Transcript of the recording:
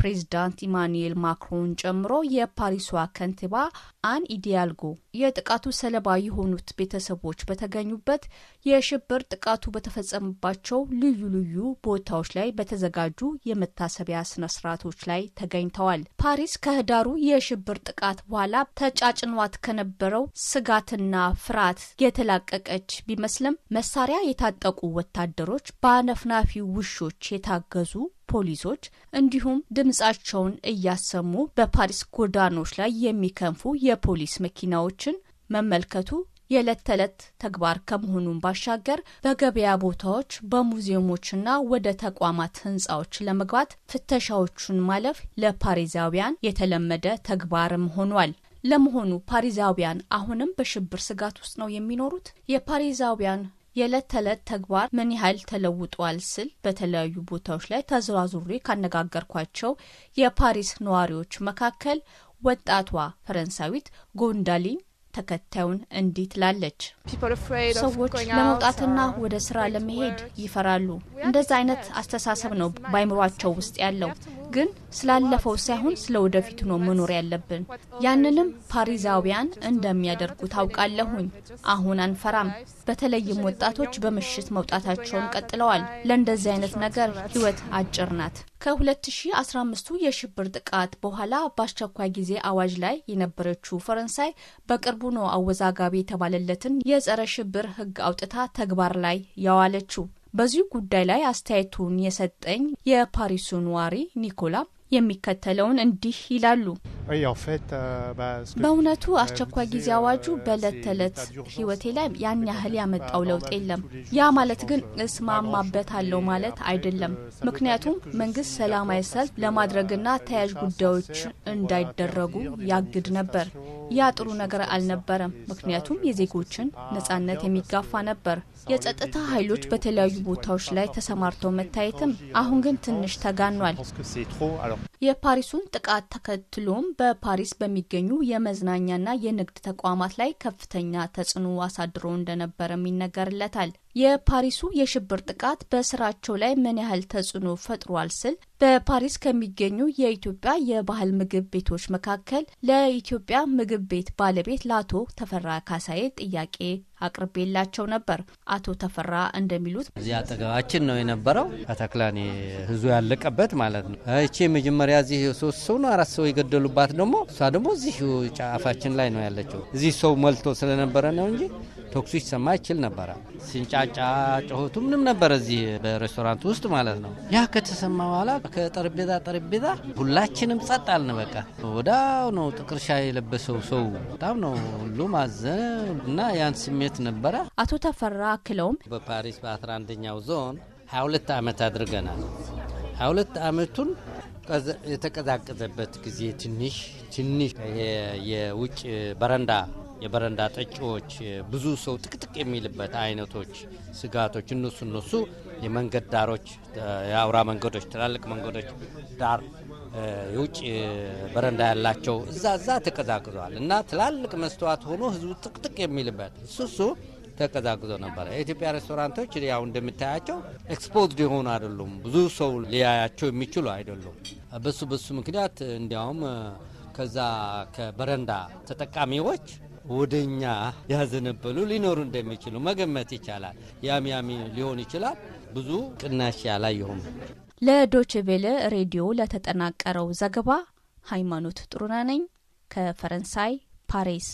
ፕሬዚዳንት ኢማኑኤል ማክሮን ጨምሮ የፓሪሷ ከንቲባ አን ኢዲያልጎ የጥቃቱ ሰለባ የሆኑት ቤተሰቦች በተገኙበት የሽብር ጥቃቱ በተፈጸመባቸው ልዩ ልዩ ቦታዎች ላይ በተዘጋጁ የመታሰቢያ ስነ ስርዓቶች ላይ ተገኝተዋል። ፓሪስ ከህዳሩ የሽብር ጥቃት በኋላ ተጫጭኗት ከነበረው ስጋትና ፍርሃት የተላቀቀች ቢመስልም መሳሪያ የታጠቁ ወታደሮች በአነፍናፊ ውሾች የታገዙ ፖሊሶች እንዲሁም ድምጻቸውን እያሰሙ በፓሪስ ጎዳኖች ላይ የሚከንፉ የፖሊስ መኪናዎችን መመልከቱ የዕለት ተዕለት ተግባር ከመሆኑን ባሻገር በገበያ ቦታዎች፣ በሙዚየሞችና ወደ ተቋማት ህንፃዎች ለመግባት ፍተሻዎቹን ማለፍ ለፓሪዛውያን የተለመደ ተግባርም ሆኗል። ለመሆኑ ፓሪዛውያን አሁንም በሽብር ስጋት ውስጥ ነው የሚኖሩት? የፓሪዛውያን የዕለት ተዕለት ተግባር ምን ያህል ተለውጧል ስል በተለያዩ ቦታዎች ላይ ተዘዋዙሬ ካነጋገርኳቸው የፓሪስ ነዋሪዎች መካከል ወጣቷ ፈረንሳዊት ጎንዳሊን ተከታዩን እንዲህ ትላለች። ሰዎች ለመውጣትና uh, ወደ ስራ ለመሄድ ይፈራሉ። እንደዛ አይነት አስተሳሰብ ነው በአይምሯቸው ውስጥ ያለው። ግን ስላለፈው ሳይሆን ስለ ወደፊቱ ነው መኖር ያለብን። ያንንም ፓሪዛውያን እንደሚያደርጉ ታውቃለሁኝ። አሁን አንፈራም። በተለይም ወጣቶች በምሽት መውጣታቸውን ቀጥለዋል። ለእንደዚህ አይነት ነገር ህይወት አጭር ናት። ከ2015ቱ የሽብር ጥቃት በኋላ በአስቸኳይ ጊዜ አዋጅ ላይ የነበረችው ፈረንሳይ በቅርቡ ነው አወዛጋቢ የተባለለትን የጸረ ሽብር ህግ አውጥታ ተግባር ላይ ያዋለችው። በዚሁ ጉዳይ ላይ አስተያየቱን የሰጠኝ የፓሪሱ ነዋሪ ኒኮላ የሚከተለውን እንዲህ ይላሉ። euh, በእውነቱ አስቸኳይ euh, ጊዜ አዋጁ በዕለት ተዕለት ሕይወቴ ላይ ያን ያህል ያመጣው ለውጥ የለም። ያ ማለት ግን euh, እስማማበታለሁ ማለት አይደለም። ምክንያቱም መንግስት ሰላማዊ ሰልፍ ለማድረግና ተያያዥ ጉዳዮች እንዳይደረጉ ያግድ ነበር። ያ ጥሩ ነገር አልነበረም። ምክንያቱም የዜጎችን ነጻነት የሚጋፋ ነበር። የጸጥታ ኃይሎች በተለያዩ ቦታዎች ላይ ተሰማርተው መታየትም አሁን ግን ትንሽ ተጋኗል። የፓሪሱን ጥቃት ተከትሎም በፓሪስ በሚገኙ የመዝናኛና የንግድ ተቋማት ላይ ከፍተኛ ተጽዕኖ አሳድሮ እንደነበረም ይነገርለታል። የፓሪሱ የሽብር ጥቃት በስራቸው ላይ ምን ያህል ተጽዕኖ ፈጥሯል ስል በፓሪስ ከሚገኙ የኢትዮጵያ የባህል ምግብ ቤቶች መካከል ለኢትዮጵያ ምግብ ቤት ባለቤት ለአቶ ተፈራ ካሳዬ ጥያቄ አቅርቤላቸው ነበር። አቶ ተፈራ እንደሚሉት እዚህ አጠገባችን ነው የነበረው ከተክላኔ ህዙ ያለቀበት ማለት ነው። እቺ መጀመሪያ እዚህ ሶስት ሰው ነው አራት ሰው የገደሉባት ደግሞ እሷ ደግሞ እዚህ ጫፋችን ላይ ነው ያለችው። እዚህ ሰው መልቶ ስለነበረ ነው እንጂ ተኩሱ ይሰማ ይችል ነበረ። ሲንጫጫ ጩኸቱ ምንም ነበረ እዚህ በሬስቶራንት ውስጥ ማለት ነው። ያ ከተሰማ በኋላ ከጠረጴዛ ጠረጴዛ ሁላችንም ጸጥ አልን። በቃ ወዳው ነው ጥቅርሻ የለበሰው ሰው በጣም ነው ሁሉም አዘነ እና ያን ስሜት ስሜት ነበረ። አቶ ተፈራ አክለውም በፓሪስ በ11ኛው ዞን 22 ዓመት አድርገናል። 22 ዓመቱን የተቀዛቀዘበት ጊዜ ትንሽ ትንሽ የውጭ በረንዳ የበረንዳ ጠጪዎች ብዙ ሰው ጥቅጥቅ የሚልበት አይነቶች ስጋቶች እነሱ እነሱ የመንገድ ዳሮች የአውራ መንገዶች ትላልቅ መንገዶች ዳር የውጭ በረንዳ ያላቸው እዛ እዛ ተቀዛቅዘዋል እና ትላልቅ መስተዋት ሆኖ ህዝቡ ጥቅጥቅ የሚልበት እሱ እሱ ተቀዛቅዞ ነበረ። የኢትዮጵያ ሬስቶራንቶች ያው እንደምታያቸው ኤክስፖዝድ የሆኑ አይደሉም፣ ብዙ ሰው ሊያያቸው የሚችሉ አይደሉም። በሱ በሱ ምክንያት እንዲያውም ከዛ ከበረንዳ ተጠቃሚዎች ወደኛ ያዘነበሉ ሊኖሩ እንደሚችሉ መገመት ይቻላል። ያም ያም ሊሆን ይችላል ብዙ ቅናሽ ያላየሁም ለዶችቬለ ሬዲዮ ለተጠናቀረው ዘገባ ሃይማኖት ጥሩና ነኝ ከፈረንሳይ ፓሪስ